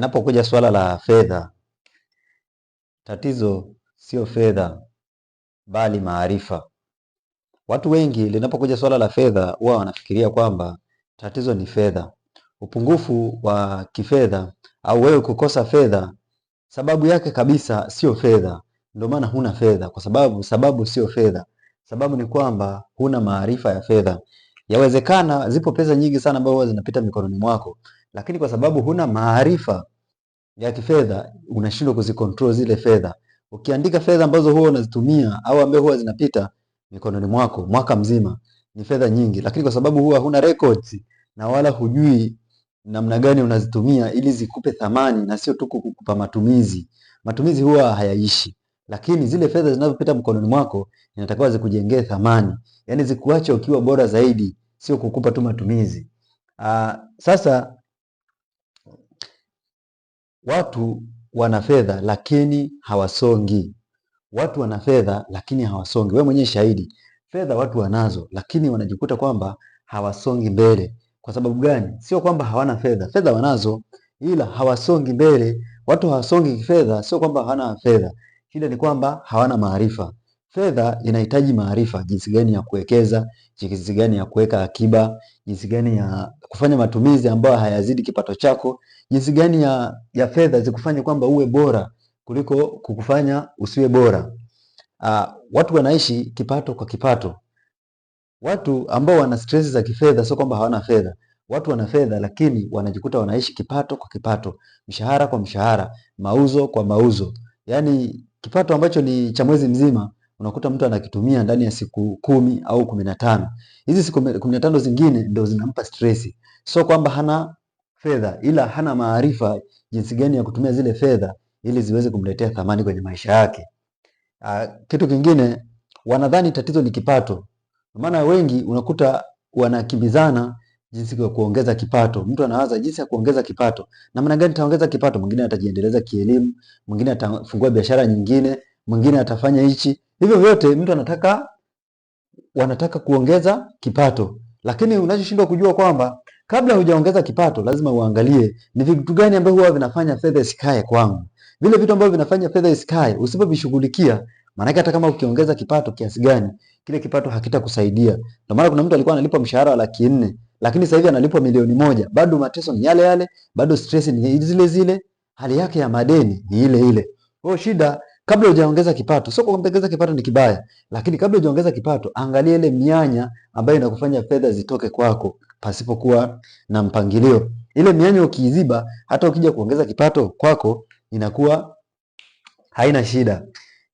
Napokuja swala la fedha, tatizo sio fedha bali maarifa. Watu wengi linapokuja swala la fedha huwa wanafikiria kwamba tatizo ni fedha, upungufu wa kifedha au wewe kukosa fedha. Sababu yake kabisa sio fedha, ndio maana huna fedha, kwa sababu sababu sio fedha. Sababu ni kwamba huna maarifa ya fedha. Yawezekana zipo pesa nyingi sana ambazo zinapita mikononi mwako lakini kwa sababu huna maarifa ya kifedha unashindwa kuzikontrol zile fedha. Ukiandika fedha ambazo huwa unazitumia au ambazo huwa zinapita mikononi mwako mwaka mzima ni fedha nyingi, lakini kwa sababu huwa huna records na wala hujui namna gani unazitumia ili zikupe thamani na sio tu kukupa matumizi. Matumizi huwa hayaishi, lakini zile fedha zinazopita mkononi mwako inatakiwa zikujengee thamani, yani zikuache ukiwa bora zaidi, sio kukupa tu matumizi. Aa, ah, sasa Watu wana fedha lakini hawasongi. Watu wana fedha lakini hawasongi. Wewe mwenyewe shahidi, fedha watu wanazo, lakini wanajikuta kwamba hawasongi mbele. Kwa sababu gani? Sio kwamba hawana fedha, fedha wanazo, ila hawasongi mbele. Watu hawasongi kifedha, sio kwamba hawana fedha, shida ni kwamba hawana maarifa. Fedha inahitaji maarifa, jinsi gani ya kuwekeza, jinsi gani ya kuweka akiba, jinsi gani ya kufanya matumizi ambayo hayazidi kipato chako, jinsi gani ya, ya fedha zikufanye kwamba uwe bora kuliko kukufanya usiwe bora. Aa, ah, watu wanaishi kipato kwa kipato. Watu ambao wana stress za kifedha sio kwamba hawana fedha. Watu wana fedha lakini wanajikuta wanaishi kipato kwa kipato, mshahara kwa mshahara, mauzo kwa mauzo, yaani kipato ambacho ni cha mwezi mzima unakuta mtu anakitumia ndani ya siku kumi au kumi na tano. Hizi siku kumi na tano zingine ndo zinampa stresi, sio kwamba hana fedha, ila hana maarifa jinsi gani ya kutumia zile fedha ili ziweze kumletea thamani kwenye maisha yake. Uh, Kitu kingine, wanadhani tatizo ni kipato, maana wengi unakuta wanakimbizana jinsi ya kuongeza kipato. Mtu anawaza jinsi ya kuongeza kipato, namna gani taongeza kipato. Mwingine atajiendeleza kielimu, mwingine atafungua biashara nyingine, mwingine atafanya hichi. Hivyo vyote mtu anataka wanataka kuongeza kipato, lakini unachoshindwa kujua kwamba kabla hujaongeza kipato, lazima uangalie ni vitu gani ambavyo huwa vinafanya fedha isikae kwangu. Vile vitu ambavyo vinafanya fedha isikae usipovishughulikia, maanake hata kama ukiongeza kipato kiasi gani, kile kipato hakitakusaidia. Ndio maana kuna mtu alikuwa analipwa mshahara wa laki nne lakini sasa hivi analipwa milioni moja, bado mateso ni yale yale, bado stress ni zile zile, hali yake ya madeni ni ile ile. Kwa shida kabla hujaongeza kipato. Sio kuongeza kipato ni kibaya, lakini kabla hujaongeza kipato, angalia ile mianya ambayo inakufanya fedha zitoke kwako pasipokuwa na mpangilio. Ile mianya ukiiziba, hata ukija kuongeza kipato kwako inakuwa haina shida.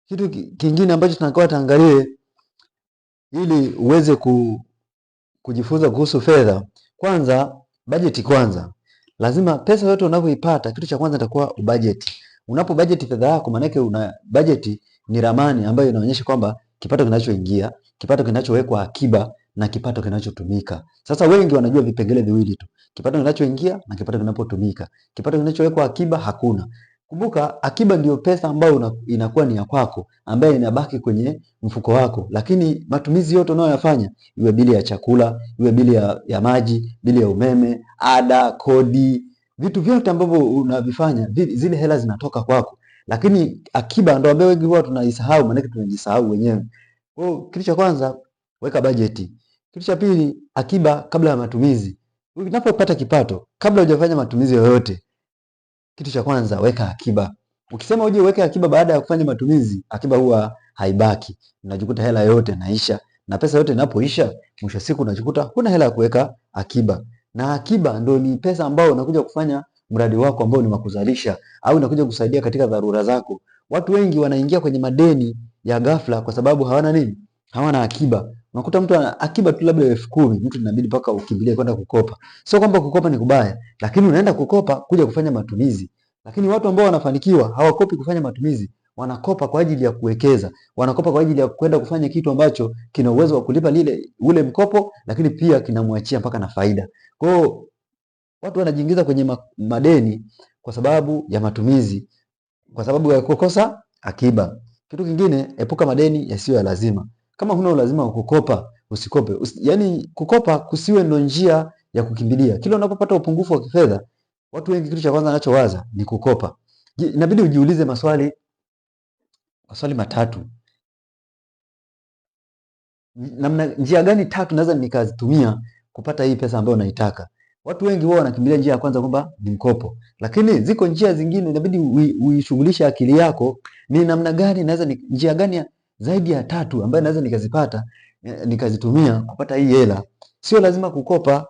Kitu kingine ambacho tunakawa tuangalie ili uweze ku, kujifunza kuhusu fedha, kwanza bajeti. Kwanza lazima pesa yote unavyoipata, kitu cha kwanza itakuwa ubajeti. Unapo bajeti fedha yako, maanake una bajeti ni ramani ambayo inaonyesha kwamba kipato kinachoingia, kipato kinachowekwa akiba na kipato kinachotumika. Sasa wengi wanajua vipengele viwili tu, kipato kinachoingia na kipato kinapotumika. Kipato kinachowekwa akiba hakuna. Kumbuka, akiba ndiyo pesa ambayo inakuwa ni ya kwako, ambayo inabaki kwenye mfuko wako, lakini matumizi yote unayoyafanya, iwe bili ya chakula, iwe bili ya, ya maji, bili ya umeme, ada, kodi vitu vyote ambavyo unavifanya zile hela zinatoka kwako, lakini akiba ndo ambayo wengi huwa tunaisahau, maanake tunajisahau wenyewe. Kwa hiyo kitu cha kwanza weka bajeti, kitu cha pili akiba kabla ya matumizi. Unapopata kipato, kabla hujafanya matumizi yoyote, kitu cha kwanza weka akiba. Ukisema uje uweke akiba baada ya kufanya matumizi, akiba huwa haibaki, unajikuta hela yote naisha, na pesa yote inapoisha, mwisho siku unajikuta huna hela ya kuweka akiba na akiba ndo ni pesa ambayo unakuja kufanya mradi wako ambao ni makuzalisha au unakuja kusaidia katika dharura zako. Watu wengi wanaingia kwenye madeni ya ghafla kwa sababu hawana nini? Hawana akiba. Unakuta mtu ana akiba tu labda elfu kumi, mtu inabidi paka ukimbilie kwenda kukopa. Sio kwamba kukopa ni kubaya, lakini unaenda kukopa kuja kufanya matumizi. Lakini watu ambao wanafanikiwa hawakopi kufanya matumizi wanakopa kwa ajili ya kuwekeza, wanakopa kwa ajili ya kwenda kufanya kitu ambacho kina uwezo wa kulipa lile ule mkopo, lakini pia kinamwachia mpaka na faida. Kwa hiyo watu wanajiingiza kwenye madeni kwa sababu ya matumizi, kwa sababu ya kukosa akiba. Kitu kingine, epuka madeni yasiyo ya lazima. Kama huna ulazima wa kukopa, usikope. Usi, yani kukopa kusiwe ndo njia ya kukimbilia. Kila unapopata upungufu wa kifedha, watu wengi kitu cha kwanza wanachowaza ni kukopa. Inabidi ujiulize maswali maswali matatu. Namna njia gani tatu naweza nikazitumia kupata hii pesa ambayo unaitaka Watu wengi wao wanakimbilia njia ya kwanza kwamba ni mkopo, lakini ziko njia zingine, inabidi uishughulishe akili yako, ni namna gani naweza, njia gani zaidi ya tatu ambayo naweza nikazipata eh, nikazitumia kupata hii hela. Sio lazima kukopa,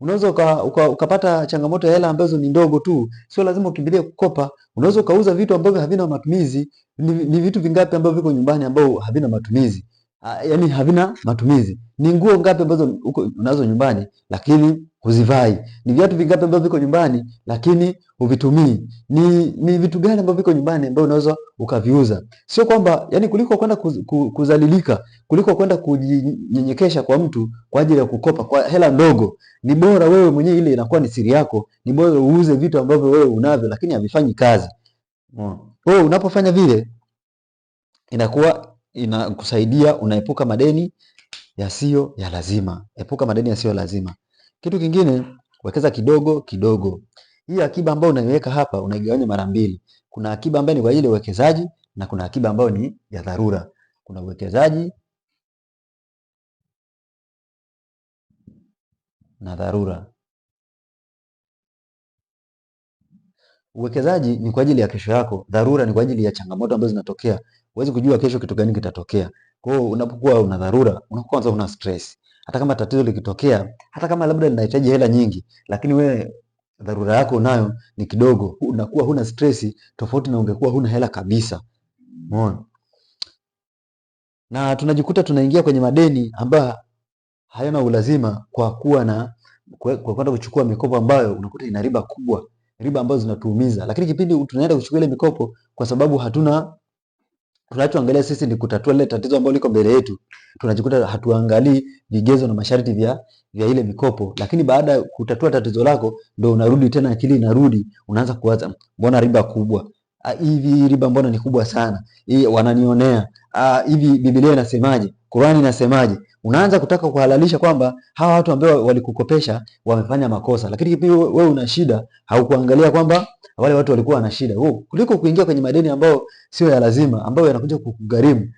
unaweza uka, uka, ukapata changamoto ya hela ambazo ni ndogo tu. Sio lazima ukimbilie kukopa, unaweza ukauza vitu ambavyo havina matumizi, ni, ni vitu vingapi ambavyo viko nyumbani ambao havina matumizi ah, yani havina matumizi. Ni nguo ngapi ambazo uko unazo nyumbani lakini huzivai? Ni viatu vingapi ambavyo viko nyumbani lakini huvitumii? Ni, ni vitu gani ambavyo viko nyumbani ambavyo unaweza ukaviuza? Sio kwamba yani, kuliko kwenda kuz, kuzalilika, kuliko kwenda kujinyenyekesha kwa mtu kwa ajili ya kukopa kwa hela ndogo, ni bora wewe mwenyewe, ile inakuwa ni siri yako, ni bora uuze vitu ambavyo wewe unavyo lakini havifanyi kazi. Wow wewe unapofanya vile inakuwa inakusaidia, unaepuka madeni yasiyo ya lazima. Epuka madeni yasiyo lazima. Kitu kingine, wekeza kidogo kidogo. Hii akiba ambayo unaiweka hapa unaigawanya mara mbili. Kuna akiba ambayo ni kwa ajili ya uwekezaji na kuna akiba ambayo ni ya dharura. Kuna uwekezaji na dharura. Uwekezaji ni kwa ajili ya kesho yako, dharura ni kwa ajili ya changamoto ambazo zinatokea. Huwezi kujua kesho kitu gani kitatokea. Kwa hiyo unapokuwa una dharura, unakuwa kwanza una stress. Hata kama tatizo likitokea, hata kama labda linahitaji hela nyingi, lakini wewe dharura yako unayo ni kidogo, unakuwa huna stress, tofauti na ungekuwa huna hela kabisa. Umeona? Na tunajikuta tunaingia kwenye madeni ambayo hayana ulazima kwa kuwa na kwa kwenda kuchukua mikopo ambayo unakuta ina riba kubwa riba ambazo zinatuumiza, lakini kipindi tunaenda kuchukua ile mikopo, kwa sababu hatuna tunachoangalia sisi ni kutatua lile tatizo ambalo liko mbele yetu, tunajikuta hatuangalii vigezo na masharti vya vya ile mikopo. Lakini baada ya kutatua tatizo lako, ndo unarudi tena, akili inarudi, unaanza kuwaza, mbona riba kubwa ah, hivi? Riba mbona ni kubwa sana hii, wananionea. Ah, hivi uh, Biblia inasemaje? Qur'ani inasemaje? Unaanza kutaka kuhalalisha kwamba hawa watu ambao walikukopesha wamefanya makosa, lakini pia wewe una shida, haukuangalia kwamba wale watu walikuwa na shida Wewe kuliko kuingia kwenye madeni ambayo sio ya lazima, ambayo yanakuja kukugharimu.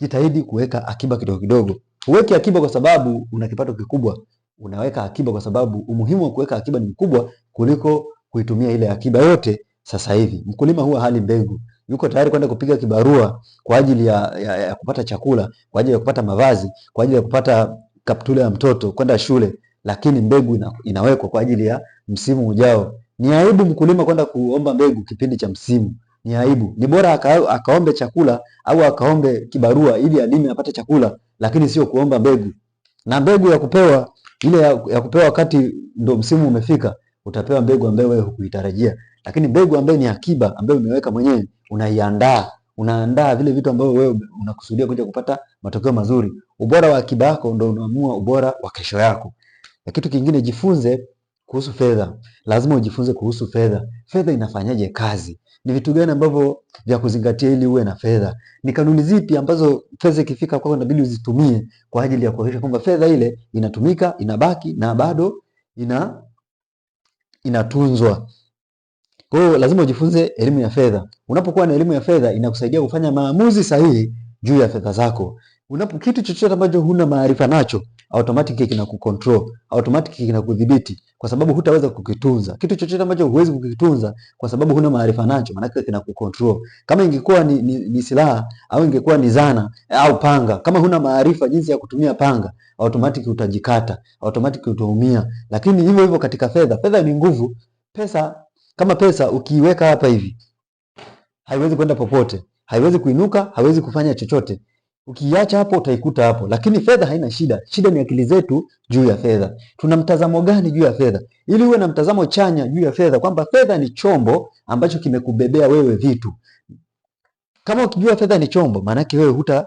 Jitahidi kuweka akiba kidogo kidogo. Uweke akiba kwa sababu una kipato kikubwa, unaweka akiba kwa sababu umuhimu wa kuweka akiba ni mkubwa kuliko kuitumia ile akiba yote sasa hivi. Mkulima huwa hali mbegu yuko tayari kwenda kupiga kibarua kwa ajili ya, ya, ya kupata chakula, kwa ajili ya kupata mavazi, kwa ajili ya kupata kaptula ya mtoto kwenda shule, lakini mbegu ina, inawekwa kwa ajili ya msimu ujao. Ni aibu mkulima kwenda kuomba mbegu kipindi cha msimu, ni aibu. Ni bora aka, akaombe chakula au akaombe kibarua ili alime apate chakula, lakini sio kuomba mbegu. Na mbegu ya kupewa ile ya, ya kupewa wakati ndo msimu umefika utapewa mbegu ambayo wewe hukuitarajia, lakini mbegu ambayo ni akiba ambayo umeweka mwenyewe, unaiandaa unaandaa vile vitu ambavyo wewe unakusudia kuja kupata matokeo mazuri. Ubora wa akiba yako ndio unaamua ubora wa kesho yako. Na kitu kingine, jifunze kuhusu fedha. Lazima ujifunze kuhusu fedha. Fedha inafanyaje kazi? Ni vitu gani ambavyo vya kuzingatia ili uwe na fedha? Ni kanuni zipi ambazo fedha ikifika kwako inabidi uzitumie kwa ajili ya kuhakikisha kwamba fedha ile inatumika, inabaki na bado ina inatunzwa. Kwa hiyo lazima ujifunze elimu ya fedha. Unapokuwa na elimu ya fedha, inakusaidia kufanya maamuzi sahihi juu ya fedha zako. Unapo kitu chochote ambacho huna maarifa nacho, automatic kinakucontrol, automatic kinakudhibiti kwa sababu hutaweza kukitunza. Kitu chochote ambacho huwezi kukitunza kwa sababu huna maarifa nacho, maanake kinakucontrol. Kama ingekuwa ni, ni, ni silaha au ingekuwa ni zana au panga, kama huna maarifa jinsi ya kutumia panga, automatic utajikata, automatic utaumia. Lakini hivyo hivyo katika fedha, fedha ni nguvu. Pesa kama pesa ukiiweka hapa hivi, haiwezi kwenda popote, haiwezi kuinuka, haiwezi kufanya chochote. Ukiacha hapo utaikuta hapo, lakini fedha haina shida. Shida ni akili zetu juu ya fedha. Tuna mtazamo gani juu ya fedha? Ili uwe na mtazamo chanya juu ya fedha, kwamba fedha ni chombo ambacho kimekubebea wewe vitu. Kama ukijua fedha ni chombo, maana yake wewe huta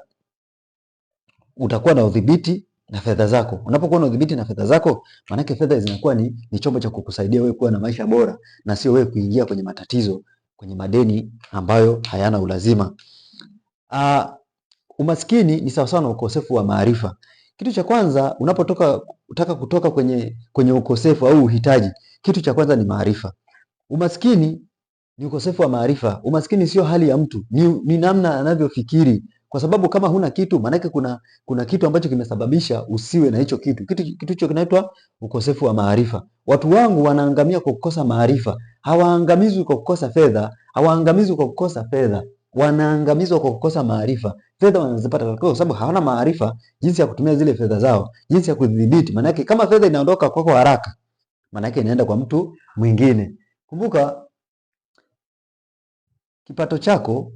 utakuwa na udhibiti na fedha zako. Unapokuwa na udhibiti na fedha zako, maana yake fedha zinakuwa ni, ni chombo cha kukusaidia wewe kuwa na maisha bora na sio wewe kuingia kwenye matatizo, kwenye madeni ambayo hayana ulazima. Aa, ah, Umaskini ni sawasawa na ukosefu wa maarifa. Kitu cha kwanza unapotoka utaka kutoka kwenye, kwenye ukosefu au uhitaji, kitu cha kwanza ni maarifa. Umaskini ni ukosefu wa maarifa. Umaskini sio hali ya mtu, ni, ni namna anavyofikiri, kwa sababu kama huna kitu maanake kuna, kuna kitu ambacho kimesababisha usiwe na hicho kitu. Kitu hicho kinaitwa ukosefu wa maarifa. Watu wangu wanaangamia kwa kukosa maarifa. Hawaangamizwi kwa kukosa fedha, hawaangamizwi kwa kukosa fedha, wanaangamizwa kwa kukosa maarifa. Fedha wanazipata kwa sababu hawana maarifa jinsi ya kutumia zile fedha zao, jinsi ya kudhibiti. Maana yake kama fedha inaondoka kwako kwa haraka, maana yake inaenda kwa mtu mwingine. Kumbuka kipato chako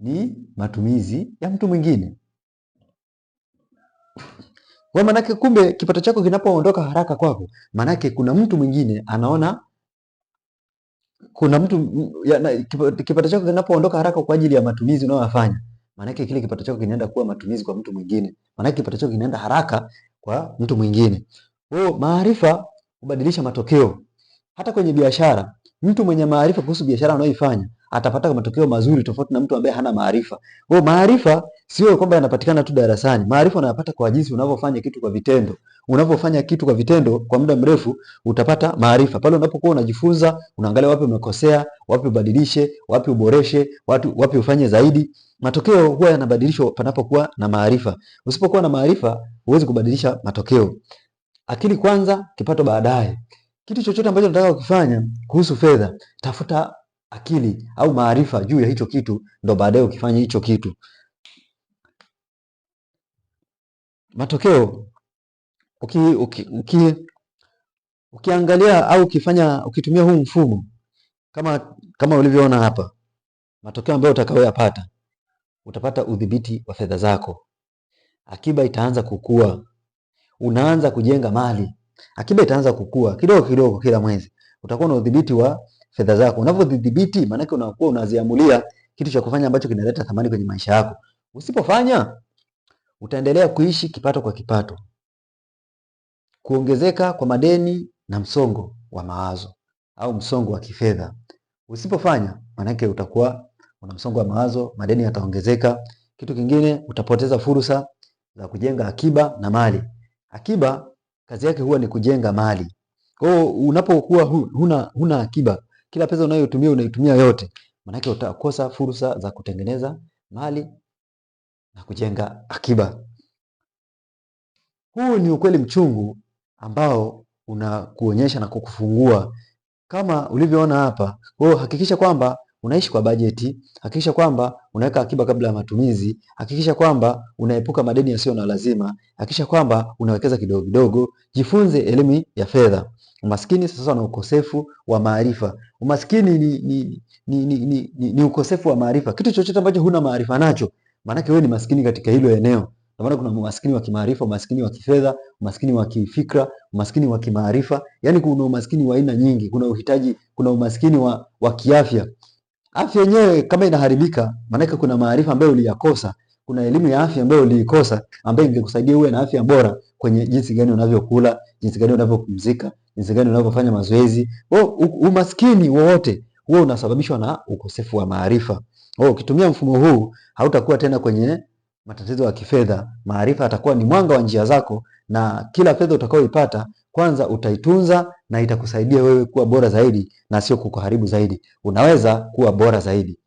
ni matumizi ya mtu mwingine. Kwa maanake kumbe kipato chako kinapoondoka haraka kwako, maanake kuna mtu mwingine anaona kuna mtu kipato chako kinapoondoka haraka kwa ajili ya matumizi unayoyafanya, maanake kile kipato chako kinaenda kuwa matumizi kwa mtu mwingine, maanake kipato chako kinaenda haraka kwa mtu mwingine. Kwa hiyo maarifa hubadilisha matokeo. Hata kwenye biashara, mtu mwenye maarifa kuhusu biashara anayoifanya atapata matokeo mazuri tofauti na mtu ambaye hana maarifa. Kwa hiyo maarifa Sio kwamba yanapatikana tu darasani. Maarifa unayapata kwa jinsi unavyofanya kitu kwa vitendo. Unavyofanya kitu kwa vitendo kwa muda mrefu, utapata maarifa. Pale unapokuwa unajifunza, unaangalia wapi umekosea, wapi ubadilishe, wapi uboreshe, watu wapi ufanye zaidi. Matokeo huwa yanabadilishwa panapokuwa na maarifa. Usipokuwa na maarifa, huwezi kubadilisha matokeo. Akili kwanza, kipato baadaye. Kitu chochote ambacho unataka kukifanya kuhusu fedha, tafuta akili au maarifa juu ya hicho kitu, ndo baadaye ukifanya hicho kitu. matokeo uki, uki, uki, ukiangalia au ukifanya ukitumia huu mfumo kama kama ulivyoona hapa, matokeo ambayo utakayoyapata, utapata udhibiti wa fedha zako, akiba itaanza kukua, unaanza kujenga mali, akiba itaanza kukua kidogo kidogo kila mwezi. Utakuwa na udhibiti wa fedha zako. Unavyodhibiti, maanake unakuwa unaziamulia kitu cha kufanya ambacho kinaleta thamani kwenye maisha yako. Usipofanya utaendelea kuishi kipato kwa kipato, kuongezeka kwa madeni na msongo wa mawazo au msongo wa kifedha. Usipofanya manake utakuwa una msongo wa mawazo, madeni yataongezeka. Kitu kingine, utapoteza fursa za kujenga akiba na mali. Akiba kazi yake huwa ni kujenga mali. Kwa hiyo unapokuwa huna, huna akiba, kila pesa unayotumia unaitumia yote, manake utakosa fursa za kutengeneza mali na kujenga akiba. Huu ni ukweli mchungu ambao unakuonyesha na kukufungua kama ulivyoona hapa. Wewe hiyo hakikisha kwamba unaishi kwa bajeti, hakikisha kwamba unaweka akiba kabla ya matumizi, hakikisha kwamba unaepuka madeni yasiyo na lazima, hakikisha kwamba unawekeza kidogo kidogo. Jifunze elimu ya fedha. Umaskini sasa na ukosefu wa maarifa. Umaskini ni, ni, ni, ni, ni, ni, ni ukosefu wa maarifa. Kitu chochote ambacho huna maarifa nacho Maanake wewe ni maskini katika hilo eneo. Ndio maana kuna umaskini wa kimaarifa, umaskini wa kifedha, umaskini wa kifikra, umaskini wa kimaarifa. Yaani kuna umaskini wa aina nyingi, kuna uhitaji, kuna umaskini wa, wa kiafya. Afya yenyewe kama inaharibika, maanake kuna maarifa ambayo uliyakosa, kuna elimu ya afya ambayo uliikosa, ambayo ingekusaidia uwe na afya bora kwenye jinsi gani unavyokula, jinsi gani unavyopumzika, jinsi gani unavyofanya mazoezi. Umaskini wowote huo unasababishwa na ukosefu wa maarifa. Oh, ukitumia mfumo huu hautakuwa tena kwenye matatizo ya kifedha. Maarifa atakuwa ni mwanga wa njia zako, na kila fedha utakayoipata kwanza utaitunza na itakusaidia wewe kuwa bora zaidi na sio kukuharibu zaidi. Unaweza kuwa bora zaidi.